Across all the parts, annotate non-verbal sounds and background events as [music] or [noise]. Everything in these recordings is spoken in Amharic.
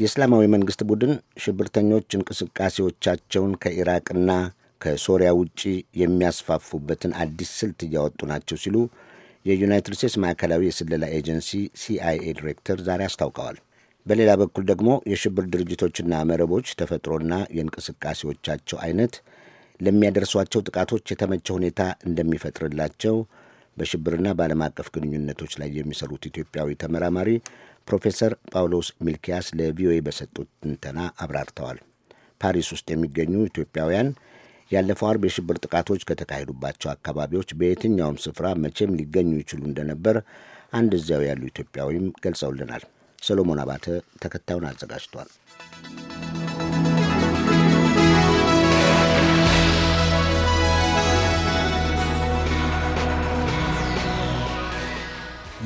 የእስላማዊ መንግሥት ቡድን ሽብርተኞች እንቅስቃሴዎቻቸውን ከኢራቅና ከሶሪያ ውጪ የሚያስፋፉበትን አዲስ ስልት እያወጡ ናቸው ሲሉ የዩናይትድ ስቴትስ ማዕከላዊ የስለላ ኤጀንሲ ሲአይኤ ዲሬክተር ዛሬ አስታውቀዋል። በሌላ በኩል ደግሞ የሽብር ድርጅቶችና መረቦች ተፈጥሮና የእንቅስቃሴዎቻቸው አይነት ለሚያደርሷቸው ጥቃቶች የተመቸ ሁኔታ እንደሚፈጥርላቸው በሽብርና በዓለም አቀፍ ግንኙነቶች ላይ የሚሰሩት ኢትዮጵያዊ ተመራማሪ ፕሮፌሰር ጳውሎስ ሚልኪያስ ለቪኦኤ በሰጡት ትንተና አብራርተዋል። ፓሪስ ውስጥ የሚገኙ ኢትዮጵያውያን ያለፈው አርብ የሽብር ጥቃቶች ከተካሄዱባቸው አካባቢዎች በየትኛውም ስፍራ መቼም ሊገኙ ይችሉ እንደነበር አንድ እዚያው ያሉ ኢትዮጵያዊም ገልጸውልናል። ሰሎሞን አባተ ተከታዩን አዘጋጅቷል።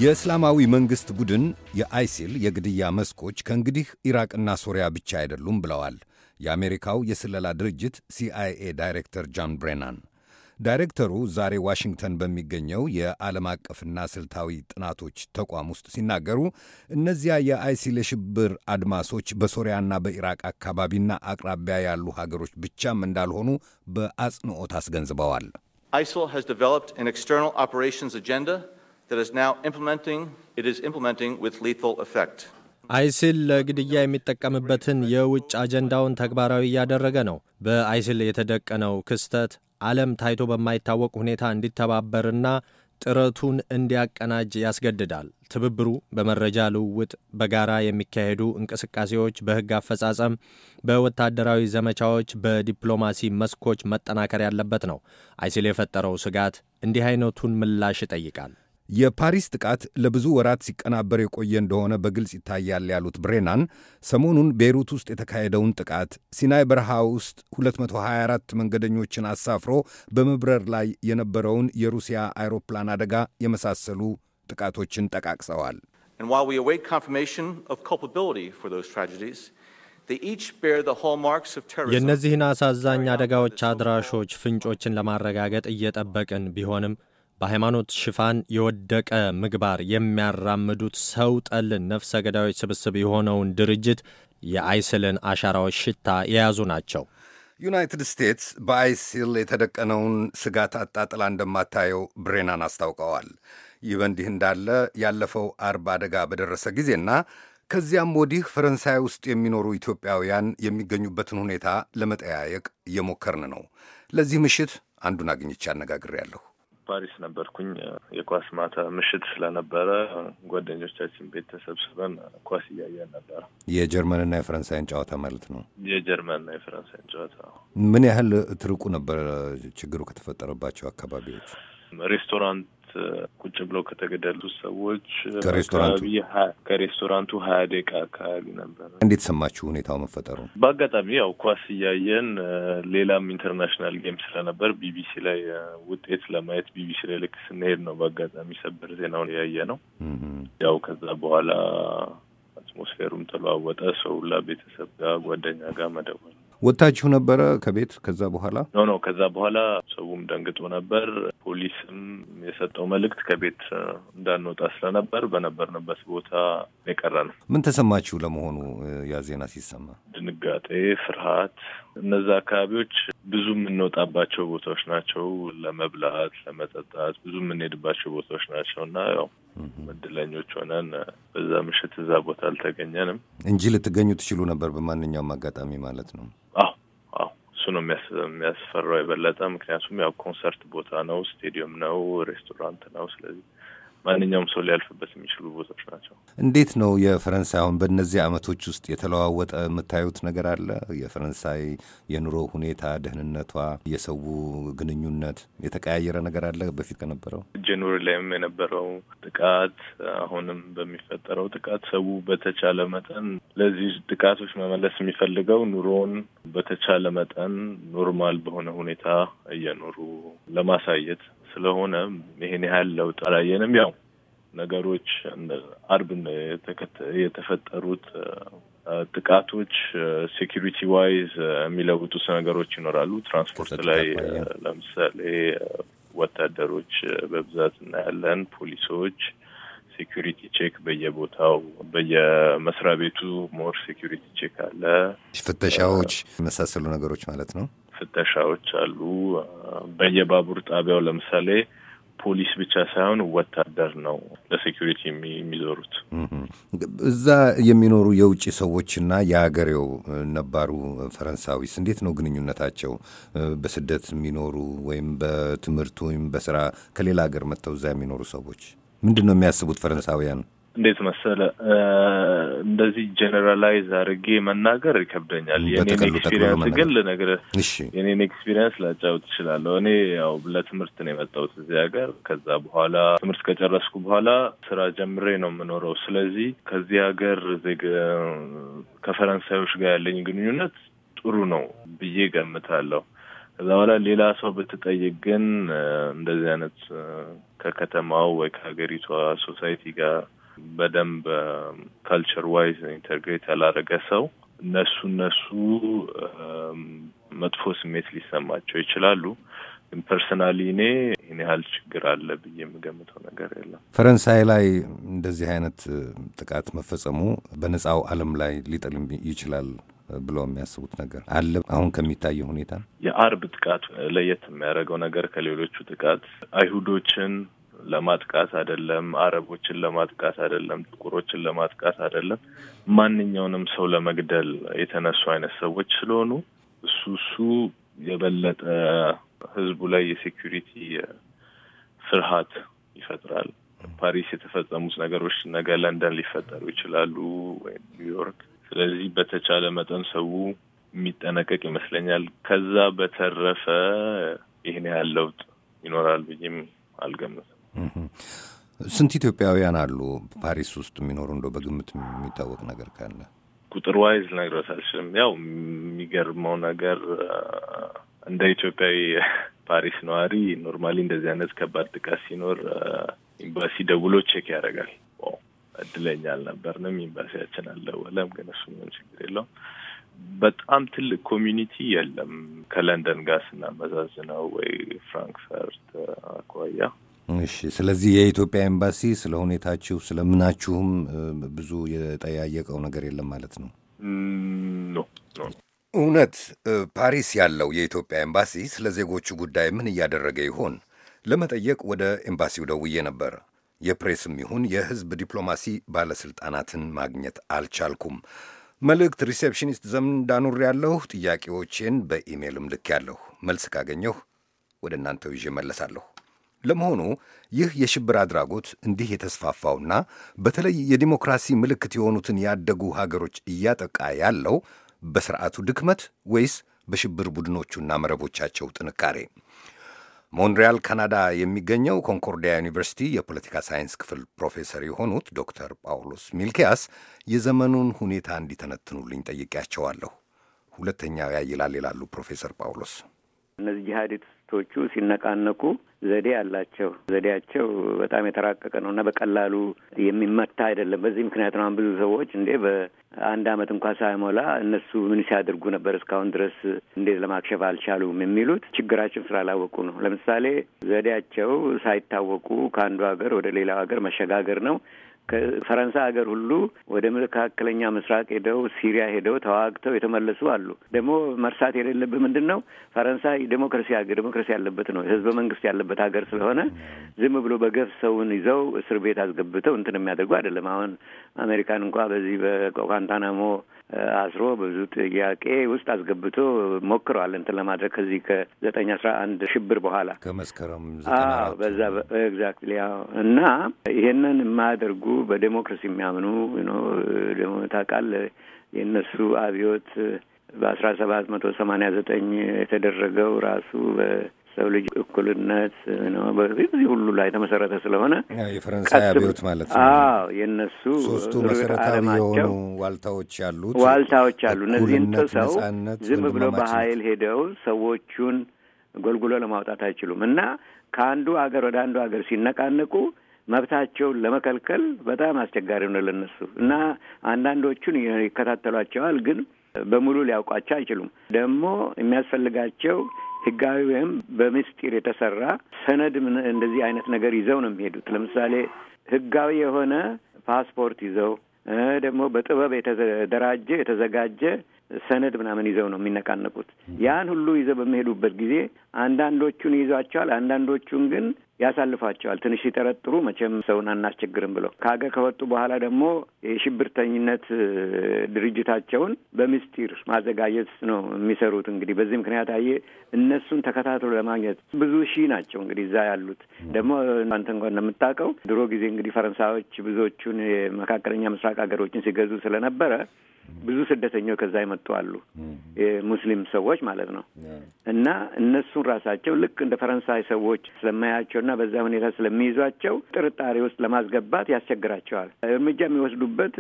የእስላማዊ መንግሥት ቡድን የአይሲል የግድያ መስኮች ከእንግዲህ ኢራቅና ሶሪያ ብቻ አይደሉም ብለዋል የአሜሪካው የስለላ ድርጅት ሲአይኤ ዳይሬክተር ጃን ብሬናን። ዳይሬክተሩ ዛሬ ዋሽንግተን በሚገኘው የዓለም አቀፍና ስልታዊ ጥናቶች ተቋም ውስጥ ሲናገሩ እነዚያ የአይሲል የሽብር አድማሶች በሶሪያና በኢራቅ አካባቢና አቅራቢያ ያሉ ሀገሮች ብቻም እንዳልሆኑ በአጽንዖት አስገንዝበዋል። that is now implementing it is implementing with lethal effect. አይሲል ለግድያ የሚጠቀምበትን የውጭ አጀንዳውን ተግባራዊ እያደረገ ነው። በአይሲል የተደቀነው ክስተት ዓለም ታይቶ በማይታወቅ ሁኔታ እንዲተባበርና ጥረቱን እንዲያቀናጅ ያስገድዳል። ትብብሩ በመረጃ ልውውጥ፣ በጋራ የሚካሄዱ እንቅስቃሴዎች፣ በሕግ አፈጻጸም፣ በወታደራዊ ዘመቻዎች፣ በዲፕሎማሲ መስኮች መጠናከር ያለበት ነው። አይሲል የፈጠረው ስጋት እንዲህ አይነቱን ምላሽ ይጠይቃል። የፓሪስ ጥቃት ለብዙ ወራት ሲቀናበር የቆየ እንደሆነ በግልጽ ይታያል ያሉት ብሬናን ሰሞኑን ቤይሩት ውስጥ የተካሄደውን ጥቃት ሲናይ በረሃ ውስጥ 224 መንገደኞችን አሳፍሮ በመብረር ላይ የነበረውን የሩሲያ አይሮፕላን አደጋ የመሳሰሉ ጥቃቶችን ጠቃቅሰዋል። የእነዚህን አሳዛኝ አደጋዎች አድራሾች ፍንጮችን ለማረጋገጥ እየጠበቅን ቢሆንም በሃይማኖት ሽፋን የወደቀ ምግባር የሚያራምዱት ሰው ጠልን ነፍሰ ገዳዮች ስብስብ የሆነውን ድርጅት የአይስልን አሻራዎች ሽታ የያዙ ናቸው። ዩናይትድ ስቴትስ በአይሲል የተደቀነውን ስጋት አጣጥላ እንደማታየው ብሬናን አስታውቀዋል። ይህ በእንዲህ እንዳለ ያለፈው አርብ አደጋ በደረሰ ጊዜና ከዚያም ወዲህ ፈረንሳይ ውስጥ የሚኖሩ ኢትዮጵያውያን የሚገኙበትን ሁኔታ ለመጠያየቅ እየሞከርን ነው። ለዚህ ምሽት አንዱን አግኝቼ አነጋግሬያለሁ። ፓሪስ ነበርኩኝ። የኳስ ማታ ምሽት ስለነበረ ጓደኞቻችን ቤት ተሰብስበን ኳስ እያየን ነበረ። የጀርመንና የፈረንሳይን ጨዋታ ማለት ነው። የጀርመንና የፈረንሳይን ጨዋታ። ምን ያህል ትርቁ ነበር? ችግሩ ከተፈጠረባቸው አካባቢዎች ሬስቶራንት ቁጭ ብለው ከተገደሉት ሰዎች ከሬስቶራንቱ ከሬስቶራንቱ ሀያ ደቂቃ አካባቢ ነበር። እንዴት ሰማችሁ ሁኔታው መፈጠሩ? በአጋጣሚ ያው ኳስ እያየን ሌላም ኢንተርናሽናል ጌም ስለነበር ቢቢሲ ላይ ውጤት ለማየት ቢቢሲ ላይ ልክ ስንሄድ ነው በአጋጣሚ ሰበር ዜናውን ያየ ነው። ያው ከዛ በኋላ አትሞስፌሩም ተለዋወጠ። ሰው ሁላ ቤተሰብ ጋር ጓደኛ ጋር መደወል ወታችሁ ነበረ ከቤት? ከዛ በኋላ ኖ ኖ ከዛ በኋላ ሰውም ደንግጦ ነበር። ፖሊስም የሰጠው መልእክት ከቤት እንዳንወጣ ስለነበር በነበርንበት ቦታ የቀረ ነው። ምን ተሰማችሁ ለመሆኑ ያ ዜና ሲሰማ? ድንጋጤ፣ ፍርሃት። እነዛ አካባቢዎች ብዙ የምንወጣባቸው ቦታዎች ናቸው። ለመብላት፣ ለመጠጣት ብዙ የምንሄድባቸው ቦታዎች ናቸው እና ያው እድለኞች ሆነን በዛ ምሽት እዛ ቦታ አልተገኘንም እንጂ ልትገኙ ትችሉ ነበር በማንኛውም አጋጣሚ ማለት ነው። አዎ አዎ፣ እሱ ነው የሚያስፈራው የበለጠ ምክንያቱም ያው ኮንሰርት ቦታ ነው፣ ስቴዲየም ነው፣ ሬስቶራንት ነው። ስለዚህ ማንኛውም ሰው ሊያልፍበት የሚችሉ ቦታዎች ናቸው። እንዴት ነው የፈረንሳይ አሁን በእነዚህ ዓመቶች ውስጥ የተለዋወጠ የምታዩት ነገር አለ? የፈረንሳይ የኑሮ ሁኔታ፣ ደህንነቷ፣ የሰው ግንኙነት የተቀያየረ ነገር አለ? በፊት ከነበረው ጀኑሪ ላይም የነበረው ጥቃት፣ አሁንም በሚፈጠረው ጥቃት ሰው በተቻለ መጠን ለዚህ ጥቃቶች መመለስ የሚፈልገው ኑሮውን በተቻለ መጠን ኖርማል በሆነ ሁኔታ እየኖሩ ለማሳየት ስለሆነ ይሄን ያህል ለውጥ አላየንም። ያው ነገሮች አርብን የተፈጠሩት ጥቃቶች ሴኪሪቲ ዋይዝ የሚለውጡት ነገሮች ይኖራሉ። ትራንስፖርት ላይ ለምሳሌ ወታደሮች በብዛት እናያለን። ፖሊሶች ሴኪሪቲ ቼክ በየቦታው በየመስሪያ ቤቱ ሞር ሴኪሪቲ ቼክ አለ፣ ፍተሻዎች የመሳሰሉ ነገሮች ማለት ነው። ፍተሻዎች አሉ። በየባቡር ጣቢያው ለምሳሌ ፖሊስ ብቻ ሳይሆን ወታደር ነው ለሴኪሪቲ የሚዞሩት። እዛ የሚኖሩ የውጭ ሰዎችና የሀገሬው ነባሩ ፈረንሳዊስ እንዴት ነው ግንኙነታቸው? በስደት የሚኖሩ ወይም በትምህርት ወይም በስራ ከሌላ ሀገር መጥተው እዛ የሚኖሩ ሰዎች ምንድን ነው የሚያስቡት ፈረንሳውያን? እንዴት መሰለ እንደዚህ ጀነራላይዝ አድርጌ መናገር ይከብደኛል። የኔን ኤክስፒሪንስ ግን ልነግርህ የኔን ኤክስፒሪየንስ ላጫውት እችላለሁ። እኔ ያው ለትምህርት ነው የመጣሁት እዚህ ሀገር። ከዛ በኋላ ትምህርት ከጨረስኩ በኋላ ስራ ጀምሬ ነው የምኖረው። ስለዚህ ከዚህ ሀገር ዜግ ከፈረንሳዮች ጋር ያለኝ ግንኙነት ጥሩ ነው ብዬ ገምታለሁ። ከዛ በኋላ ሌላ ሰው ብትጠይቅ ግን እንደዚህ አይነት ከከተማው ወይ ከሀገሪቷ ሶሳይቲ ጋር በደንብ ካልቸር ዋይዝ ኢንተግሬት ያላረገ ሰው እነሱ እነሱ መጥፎ ስሜት ሊሰማቸው ይችላሉ። ግን ፐርሰናሊ እኔ ይህን ያህል ችግር አለ ብዬ የምገምተው ነገር የለም። ፈረንሳይ ላይ እንደዚህ አይነት ጥቃት መፈጸሙ በነጻው ዓለም ላይ ሊጥልም ይችላል ብለው የሚያስቡት ነገር አለ። አሁን ከሚታየው ሁኔታ የአርብ ጥቃት ለየት የሚያደርገው ነገር ከሌሎቹ ጥቃት አይሁዶችን ለማጥቃት አይደለም፣ አረቦችን ለማጥቃት አይደለም፣ ጥቁሮችን ለማጥቃት አይደለም፣ ማንኛውንም ሰው ለመግደል የተነሱ አይነት ሰዎች ስለሆኑ እሱ እሱ የበለጠ ህዝቡ ላይ የሴኩሪቲ ፍርሃት ይፈጥራል። ፓሪስ የተፈጸሙት ነገሮች ነገ ለንደን ሊፈጠሩ ይችላሉ ወይም ኒውዮርክ። ስለዚህ በተቻለ መጠን ሰው የሚጠነቀቅ ይመስለኛል። ከዛ በተረፈ ይህን ያህል ለውጥ ይኖራል ብዬም አልገምትም። ስንት ኢትዮጵያውያን አሉ ፓሪስ ውስጥ የሚኖሩ? እንደው በግምት የሚታወቅ ነገር ካለ ቁጥር ዋይዝ ልነግርዎት አልችልም። ያው የሚገርመው ነገር እንደ ኢትዮጵያዊ ፓሪስ ነዋሪ ኖርማሊ እንደዚህ አይነት ከባድ ጥቃት ሲኖር ኤምባሲ ደውሎ ቼክ ያደርጋል። እድለኛ አልነበርንም፣ ኤምባሲያችን አልደወለም። ግን እሱ ምንም ችግር የለውም። በጣም ትልቅ ኮሚኒቲ የለም ከለንደን ጋር ስናመዛዝነው ወይ ፍራንክፈርት አኳያ እሺ ስለዚህ የኢትዮጵያ ኤምባሲ ስለ ሁኔታችሁ ስለምናችሁም ብዙ የጠያየቀው ነገር የለም ማለት ነው። እውነት ፓሪስ ያለው የኢትዮጵያ ኤምባሲ ስለ ዜጎቹ ጉዳይ ምን እያደረገ ይሆን ለመጠየቅ ወደ ኤምባሲው ደውዬ ነበር። የፕሬስም ይሁን የህዝብ ዲፕሎማሲ ባለሥልጣናትን ማግኘት አልቻልኩም። መልእክት ሪሴፕሽኒስት ዘንድ ያለሁ ጥያቄዎቼን በኢሜይልም ያለሁ መልስ ካገኘሁ ወደ እናንተው ይዤ መለሳለሁ። ለመሆኑ ይህ የሽብር አድራጎት እንዲህ የተስፋፋውና በተለይ የዲሞክራሲ ምልክት የሆኑትን ያደጉ ሀገሮች እያጠቃ ያለው በስርዓቱ ድክመት ወይስ በሽብር ቡድኖቹና መረቦቻቸው ጥንካሬ? ሞንሪያል ካናዳ የሚገኘው ኮንኮርዲያ ዩኒቨርሲቲ የፖለቲካ ሳይንስ ክፍል ፕሮፌሰር የሆኑት ዶክተር ጳውሎስ ሚልኪያስ የዘመኑን ሁኔታ እንዲተነትኑልኝ ጠይቄያቸዋለሁ። ሁለተኛው ያይላል ይላሉ ፕሮፌሰር ጳውሎስ። እነዚህ ጂሃዲስቶቹ ሲነቃነቁ ዘዴ አላቸው። ዘዴያቸው በጣም የተራቀቀ ነው እና በቀላሉ የሚመታ አይደለም። በዚህ ምክንያት ነው ብዙ ሰዎች እንዴ በአንድ አመት እንኳ ሳይሞላ እነሱ ምን ሲያደርጉ ነበር እስካሁን ድረስ እንዴት ለማክሸፍ አልቻሉም የሚሉት ችግራችን ስላላወቁ ነው። ለምሳሌ ዘዴያቸው ሳይታወቁ ከአንዱ ሀገር ወደ ሌላው ሀገር መሸጋገር ነው። ከፈረንሳይ ሀገር ሁሉ ወደ መካከለኛ ምስራቅ ሄደው ሲሪያ ሄደው ተዋግተው የተመለሱ አሉ። ደግሞ መርሳት የሌለብህ ምንድን ነው ፈረንሳይ ዴሞክራሲ ዴሞክራሲ ያለበት ነው ህዝበ መንግስት ያለበት ሀገር ስለሆነ ዝም ብሎ በገፍ ሰውን ይዘው እስር ቤት አስገብተው እንትን የሚያደርጉ አይደለም። አሁን አሜሪካን እንኳ በዚህ በጓንታናሞ አስሮ ብዙ ጥያቄ ውስጥ አስገብቶ ሞክረዋል እንትን ለማድረግ ከዚህ ከዘጠኝ አስራ አንድ ሽብር በኋላ ከመስከረም በዛ ኤግዛክትሊ እና ይሄንን የማያደርጉ በዴሞክራሲ የሚያምኑ ታውቃለህ የእነሱ አብዮት በአስራ ሰባት መቶ ሰማኒያ ዘጠኝ የተደረገው ራሱ ሰው ልጅ እኩልነት ነው በፊት ሁሉ ላይ ተመሰረተ ስለሆነ የፈረንሳይ አብዮት ማለት ነው። አዎ የእነሱ ሶስቱ መሰረታዊ የሆኑ ዋልታዎች ያሉት ዋልታዎች አሉ። እነዚህን ጥሰው ዝም ብሎ በኃይል ሄደው ሰዎቹን ጎልጉሎ ለማውጣት አይችሉም እና ከአንዱ ሀገር ወደ አንዱ ሀገር ሲነቃነቁ መብታቸውን ለመከልከል በጣም አስቸጋሪ ነው ለነሱ እና አንዳንዶቹን ይከታተሏቸዋል፣ ግን በሙሉ ሊያውቋቸው አይችሉም። ደግሞ የሚያስፈልጋቸው ህጋዊ ወይም በምስጢር የተሰራ ሰነድ እንደዚህ አይነት ነገር ይዘው ነው የሚሄዱት። ለምሳሌ ህጋዊ የሆነ ፓስፖርት ይዘው ደግሞ በጥበብ የተደራጀ የተዘጋጀ ሰነድ ምናምን ይዘው ነው የሚነቃነቁት። ያን ሁሉ ይዘው በሚሄዱበት ጊዜ አንዳንዶቹን ይዟቸዋል፣ አንዳንዶቹን ግን ያሳልፋቸዋል። ትንሽ ሲጠረጥሩ መቼም ሰውን አናስቸግርም ብለው ከሀገር ከወጡ በኋላ ደግሞ የሽብርተኝነት ድርጅታቸውን በምስጢር ማዘጋጀት ነው የሚሰሩት። እንግዲህ በዚህ ምክንያት አየ እነሱን ተከታትሎ ለማግኘት ብዙ ሺህ ናቸው። እንግዲህ እዛ ያሉት ደግሞ አንተ እንኳን እንደምታውቀው ድሮ ጊዜ እንግዲህ ፈረንሳዮች ብዙዎቹን የመካከለኛ ምስራቅ ሀገሮችን ሲገዙ ስለነበረ ብዙ ስደተኞች ከዛ የመጡ አሉ፣ የሙስሊም ሰዎች ማለት ነው። እና እነሱን ራሳቸው ልክ እንደ ፈረንሳይ ሰዎች ስለማያቸው እና በዛ ሁኔታ ስለሚይዟቸው ጥርጣሬ ውስጥ ለማስገባት ያስቸግራቸዋል። እርምጃ የሚወስዱበት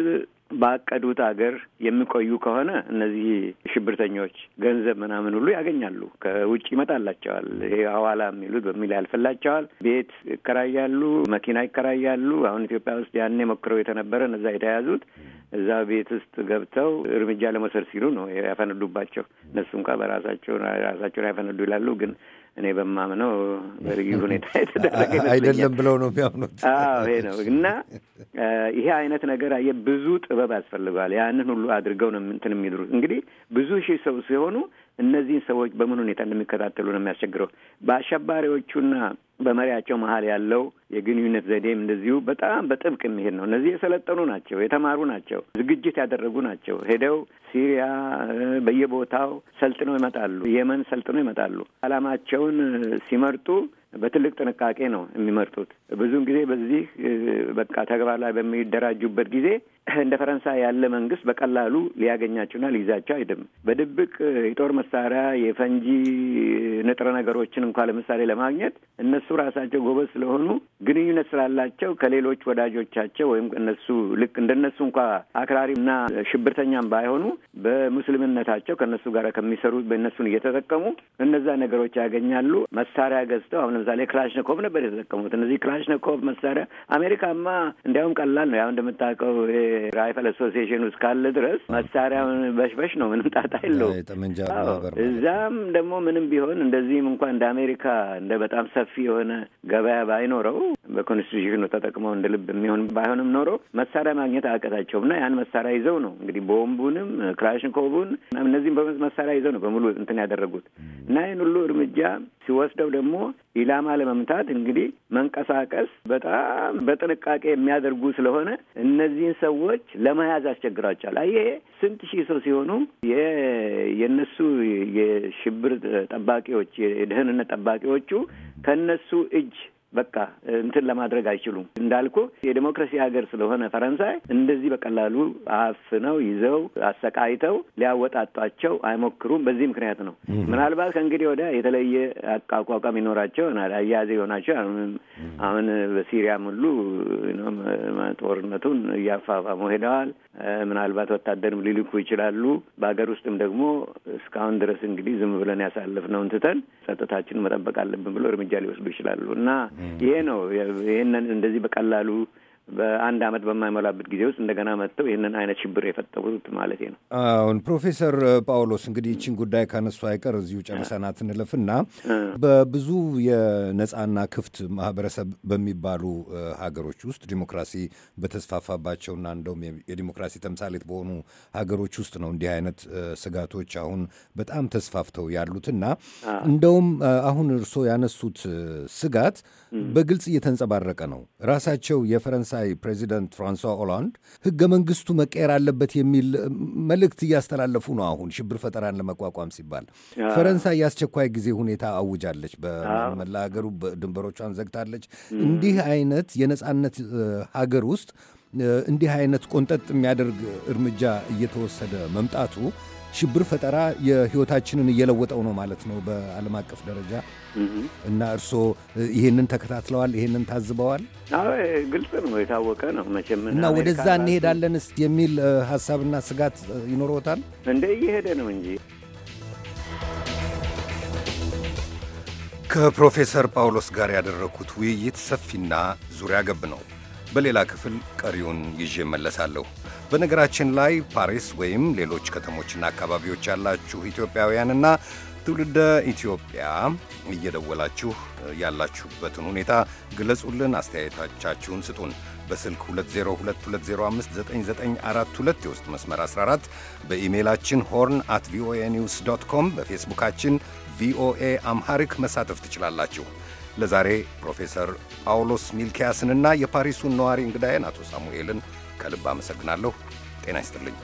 ባቀዱት አገር የሚቆዩ ከሆነ እነዚህ ሽብርተኞች ገንዘብ ምናምን ሁሉ ያገኛሉ። ከውጭ ይመጣላቸዋል። ይሄ ሐዋላ የሚሉት በሚል ያልፈላቸዋል። ቤት ይከራያሉ፣ መኪና ይከራያሉ። አሁን ኢትዮጵያ ውስጥ ያኔ ሞክረው የተነበረ እነዛ የተያዙት እዛ ቤት ውስጥ ገብተው እርምጃ ለመውሰድ ሲሉ ነው ያፈነዱባቸው። እነሱ እንኳ በራሳቸው ራሳቸውን ያፈነዱ ይላሉ ግን እኔ በማምነው በልዩ [laughs] ሁኔታ የተደረገ አይደለም ብለው ነው የሚያምኑት። ይሄ ነው እና ይሄ አይነት ነገር አየህ፣ ብዙ ጥበብ ያስፈልገዋል። ያንን ሁሉ አድርገው ነው እንትን የሚድሩት። እንግዲህ ብዙ ሺህ ሰው ሲሆኑ እነዚህን ሰዎች በምን ሁኔታ እንደሚከታተሉ ነው የሚያስቸግረው። በአሸባሪዎቹና በመሪያቸው መሀል ያለው የግንኙነት ዘዴም እንደዚሁ በጣም በጥብቅ የሚሄድ ነው። እነዚህ የሰለጠኑ ናቸው፣ የተማሩ ናቸው፣ ዝግጅት ያደረጉ ናቸው። ሄደው ሲሪያ በየቦታው ሰልጥነው ይመጣሉ። የመን ሰልጥነው ይመጣሉ። አላማቸውን ሲመርጡ በትልቅ ጥንቃቄ ነው የሚመርጡት። ብዙን ጊዜ በዚህ በቃ ተግባር ላይ በሚደራጁበት ጊዜ እንደ ፈረንሳይ ያለ መንግስት በቀላሉ ሊያገኛቸውና ሊይዛቸው አይደም። በድብቅ የጦር መሳሪያ፣ የፈንጂ ንጥረ ነገሮችን እንኳ ለምሳሌ ለማግኘት እነሱ ራሳቸው ጎበዝ ስለሆኑ ግንኙነት ስላላቸው ከሌሎች ወዳጆቻቸው ወይም እነሱ ልክ እንደነሱ እንኳ አክራሪና ሽብርተኛም ባይሆኑ በሙስልምነታቸው ከእነሱ ጋር ከሚሰሩ በእነሱን እየተጠቀሙ እነዛ ነገሮች ያገኛሉ። መሳሪያ ገዝተው አሁን ለምሳሌ ክላሽነኮቭ ነበር የተጠቀሙት። እነዚህ ክላሽነኮቭ መሳሪያ አሜሪካማ እንዲያውም ቀላል ነው። ያው እንደምታውቀው ራይፈል አሶሲሽን ውስጥ ካለ ድረስ መሳሪያ በሽበሽ ነው፣ ምንም ጣጣ የለውም። እዛም ደግሞ ምንም ቢሆን እንደዚህም እንኳን እንደ አሜሪካ እንደ በጣም ሰፊ የሆነ ገበያ ባይኖረው በኮንስቲቱሽኑ ተጠቅመው እንደ ልብ የሚሆን ባይሆንም ኖሮ መሳሪያ ማግኘት አያቀታቸውም እና ያን መሳሪያ ይዘው ነው እንግዲህ ቦምቡንም ክላሽንኮቡን እነዚህም መሳሪያ ይዘው ነው በሙሉ እንትን ያደረጉት እና ይህን ሁሉ እርምጃ ሲወስደው ደግሞ ኢላማ ለመምታት እንግዲህ መንቀሳቀስ በጣም በጥንቃቄ የሚያደርጉ ስለሆነ እነዚህን ሰዎች ሰዎች ለመያዝ አስቸግራቸዋል። ይሄ ስንት ሺህ ሰው ሲሆኑ የእነሱ የሽብር ጠባቂዎች የደህንነት ጠባቂዎቹ ከእነሱ እጅ በቃ እንትን ለማድረግ አይችሉም። እንዳልኩ የዴሞክራሲ ሀገር ስለሆነ ፈረንሳይ እንደዚህ በቀላሉ አፍነው ይዘው አሰቃይተው ሊያወጣጧቸው አይሞክሩም። በዚህ ምክንያት ነው። ምናልባት ከእንግዲህ ወዲያ የተለየ አቋቋም ይኖራቸው ይሆናል፣ አያያዘ ይሆናቸው። አሁን በሲሪያም ሁሉ ጦርነቱን እያፋፋሙ ሄደዋል። ምናልባት ወታደርም ሊልኩ ይችላሉ። በሀገር ውስጥም ደግሞ እስካሁን ድረስ እንግዲህ ዝም ብለን ያሳለፍነውን ትተን ጸጥታችን መጠበቅ አለብን ብሎ እርምጃ ሊወስዱ ይችላሉ እና ይሄ ነው። ይህንን እንደዚህ በቀላሉ በአንድ አመት በማይሞላበት ጊዜ ውስጥ እንደገና መጥተው ይህንን አይነት ሽብር የፈጠሩት ማለት ነው። አሁን ፕሮፌሰር ጳውሎስ እንግዲህ ይችን ጉዳይ ካነሱ አይቀር እዚሁ ጨርሰናት እንለፍና በብዙ የነጻና ክፍት ማህበረሰብ በሚባሉ ሀገሮች ውስጥ ዲሞክራሲ በተስፋፋባቸውና እንደውም የዲሞክራሲ ተምሳሌት በሆኑ ሀገሮች ውስጥ ነው እንዲህ አይነት ስጋቶች አሁን በጣም ተስፋፍተው ያሉትና እንደውም አሁን እርስዎ ያነሱት ስጋት በግልጽ እየተንጸባረቀ ነው። ራሳቸው የፈረንሳ የፈረንሳይ ፕሬዚደንት ፍራንሷ ኦላንድ ህገ መንግስቱ መቀየር አለበት የሚል መልእክት እያስተላለፉ ነው። አሁን ሽብር ፈጠራን ለመቋቋም ሲባል ፈረንሳይ የአስቸኳይ ጊዜ ሁኔታ አውጃለች። በመላ ሀገሩ ድንበሮቿን ዘግታለች። እንዲህ አይነት የነጻነት ሀገር ውስጥ እንዲህ አይነት ቆንጠጥ የሚያደርግ እርምጃ እየተወሰደ መምጣቱ ሽብር ፈጠራ የህይወታችንን እየለወጠው ነው ማለት ነው በዓለም አቀፍ ደረጃ እና እርስዎ ይሄንን ተከታትለዋል፣ ይሄንን ታዝበዋል። ግልጽ ነው፣ የታወቀ ነው መቼም እና ወደዛ እንሄዳለንስ የሚል ሀሳብና ስጋት ይኖሮታል እንደ እየሄደ ነው እንጂ ከፕሮፌሰር ጳውሎስ ጋር ያደረግኩት ውይይት ሰፊና ዙሪያ ገብ ነው። በሌላ ክፍል ቀሪውን ይዤ እመለሳለሁ። በነገራችን ላይ ፓሪስ ወይም ሌሎች ከተሞችና አካባቢዎች ያላችሁ ኢትዮጵያውያንና ትውልደ ኢትዮጵያ እየደወላችሁ ያላችሁበትን ሁኔታ ግለጹልን፣ አስተያየቶቻችሁን ስጡን። በስልክ 2022059942 የውስጥ መስመር 14 በኢሜይላችን ሆርን አት ቪኦኤ ኒውስ ዶት ኮም በፌስቡካችን ቪኦኤ አምሃሪክ መሳተፍ ትችላላችሁ። ለዛሬ ፕሮፌሰር ጳውሎስ ሚልኪያስንና የፓሪሱን ነዋሪ እንግዳዬን አቶ ሳሙኤልን ከልብ አመሰግናለሁ። ጤና ይስጥልኝ።